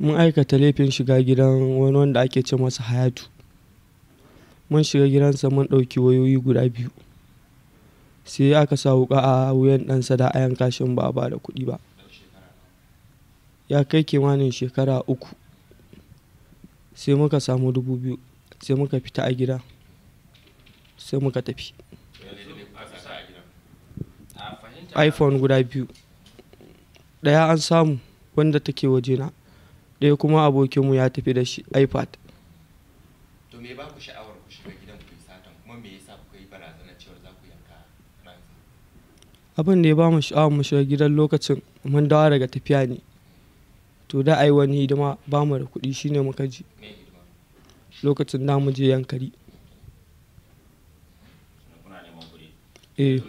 mun aikata laifin shiga gidan wani wanda ake ce masa hayatu mun shiga gidansa mun ɗauki wayoyi guda biyu sai aka sa wuka a wuyan ɗansa da ayan kashin ba ba da kuɗi ba ya kai kimanin shekara uku sai muka samu dubu biyu sai muka fita a gida sai muka tafi iphone guda biyu ɗaya an samu wanda take wajena ɗaya kuma abokinmu ya tafi da shi ipad to me ba ku sha'awar ku shiga gidan ku satan kuma me yasa ku yi barazana cewa za ku yanka ransa abin da ya ba mu sha'awar mu shiga gidan lokacin mun dawo daga tafiya ne to da ai wani hidima ba mu da kuɗi shine muka ji lokacin da mu je yankari eh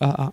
a'a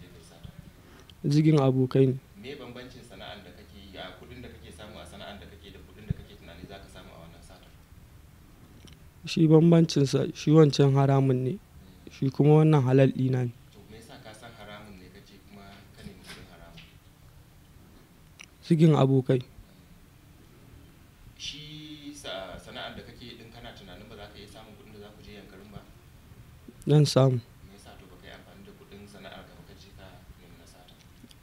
zigin abokai ne me bambancin sana'an da kake yi a kudin da kake samu a sana'an da kake da kudin da kake tunani zaka samu a wannan satar shi bambancin sa shi wancan haramun ne shi kuma wannan halal ɗina ne sigin abokai shi sana'ar da kake din kana tunanin ba za ka iya samun kudin da za ku je yankarin ba dan samu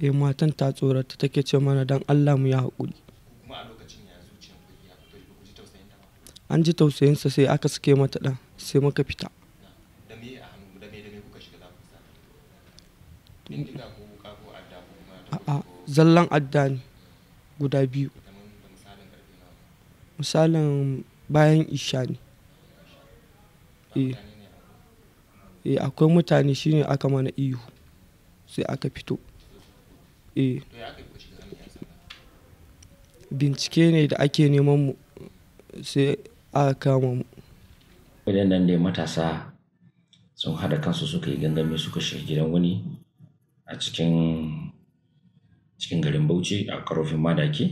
ya eh, matan ta tsorata take ce mana don Allah mu ya haƙuri an ji tausayinsa sai aka suke mata ɗan sai muka fita a'a zallan adda ne guda biyu misalin bayan isha ne eh. eh akwai mutane shine aka mana ihu sai aka fito e bincike ne da ake neman mu sai aka kama mu idan nan dai matasa sun haɗa kansu suka yi gangami suka shiga gidan wani a cikin cikin garin bauchi a karofin madaki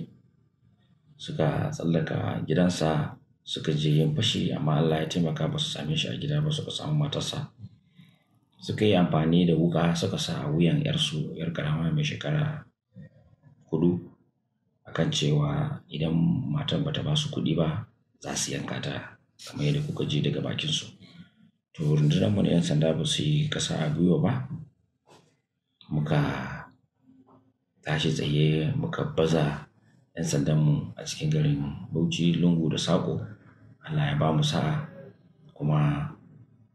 suka tsallaka gidansa suka je yin fashi amma allah ya taimaka ba su same shi a gida ba ka samu matarsa suka yi amfani da wuƙa suka sa wuyan yarsu yar karama mai shekara eh, hudu kan cewa idan matan bata ba su kuɗi ba za su yanka ta kamar yadda kuka ji daga bakinsu to rundunar mu na 'yan sanda ba su yi ƙasa a gwiwa ba muka tashi tsaye muka baza 'yan sandan mu a cikin garin bauchi lungu da sako allah ya ba mu sa'a kuma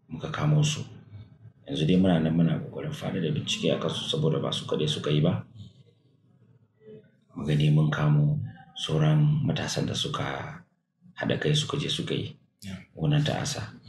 muka kamo su Yanzu dai muna nan muna faɗi da bincike a kansu saboda ba su kaɗai suka yi ba. Mu gani mun kamo sauran matasan da suka haɗa kai suka je suka yi wannan ta'asa.